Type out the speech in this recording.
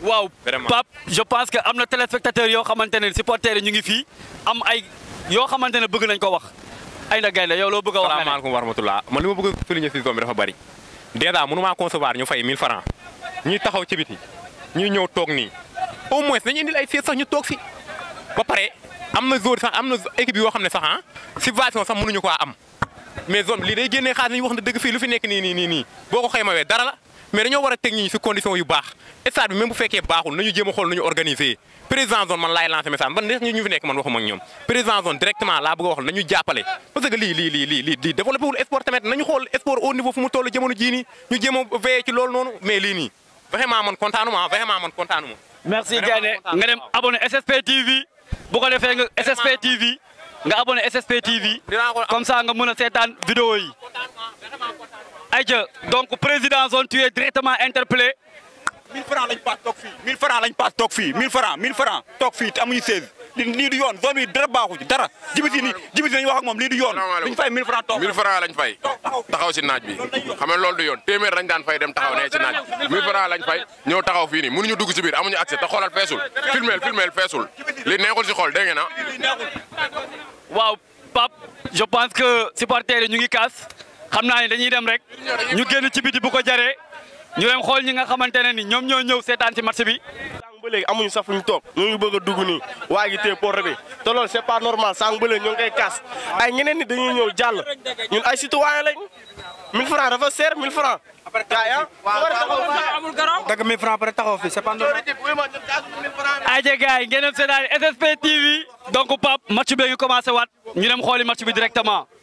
waaw Pape je pense que am na téléspectateurs yoo xamante ne supporters yi ñu ngi fii am ay yoo xamante ne bëgg nañ ko wax ay na gaynde yow loo bëgg a wax salaamaaleykum wa rahmatullah man li ma bëgg souligner si zone bi dafa bari dèjà mënu maa concevoir ñu fay 1000 francs ñuy taxaw ci biti ñuy ñëw toog nii au moins nañu indil ay fii sax ñu toog si ba pare am na zone sax am na équipe yoo xam ne sax ah subvention sax mënuñu ko am mais zone bi lii day génnee xaalis nañu wax na dëgg fii lu fi nekk nii nii nii nii boo ko xëymawee mais dañoo war a teg ñi si condition yu baax stade bi même bu fekkee baaxul nañu jéem a xool nañu organiser président zone man laay lancer message man neex ñu fi nekk man waxuma ñoom président zone directement laa bëgg a wax nañu jàppale parce que lii lii lii lii lii lii sport tamit nañu xool sport au niveau fu mu toll jamono jii ñu jéem a veillé noonu mais lii nii vraiment man kontaanuma ah vraiment man kontaanuma merci Diané nga dem abonné SSP TV bu ayca donc président zone tu es directement interpellé. 1000 francs lañ paas toog fii 1000 francs lañ paas toog fii fii te amuñu 16. lii du yoon zone bi dara baaxu dara. jibiti ni jibiti nañu wax moom lii du yoon. duñ fay 1000 francs toog 1000 francs lañ fay. taxaw si naaj bi xam nga loolu du yoon téeméer lañ daan fay dem taxaw ne si naaj 1000 francs lañ fay ñëw taxaw fii nii mënuñu dugg si biir amuñu accès te xoolal feesul filmeel filmeel feesul li neexul si ah? pense que supporters yi ñu ngi kaas. am naa ni dañuy dem rek ñu génn ci biti bu ko jaree ñu dem xool ñi nga xamante ne ni ñoom ñoo ñëw seetaan ci match bi. sànq ba léegi amuñu sax fu ñu toog ngi bëgg a dugg nii waa gi téye porte bi te loolu c'est pas normal sànq ba léegi ñoo ngi koy ay ñeneen ni dañuy ñëw jàll ñun ay citoyen lañ 1000 francs dafa seer 1000 francs. gaaya ah, dagg 1000 francs pare taxaw fi c'est pas normal. ayca gars yi ngeen doon seetaan SSP TV donc ngi commencé waat ñu dem xooli match bi directement.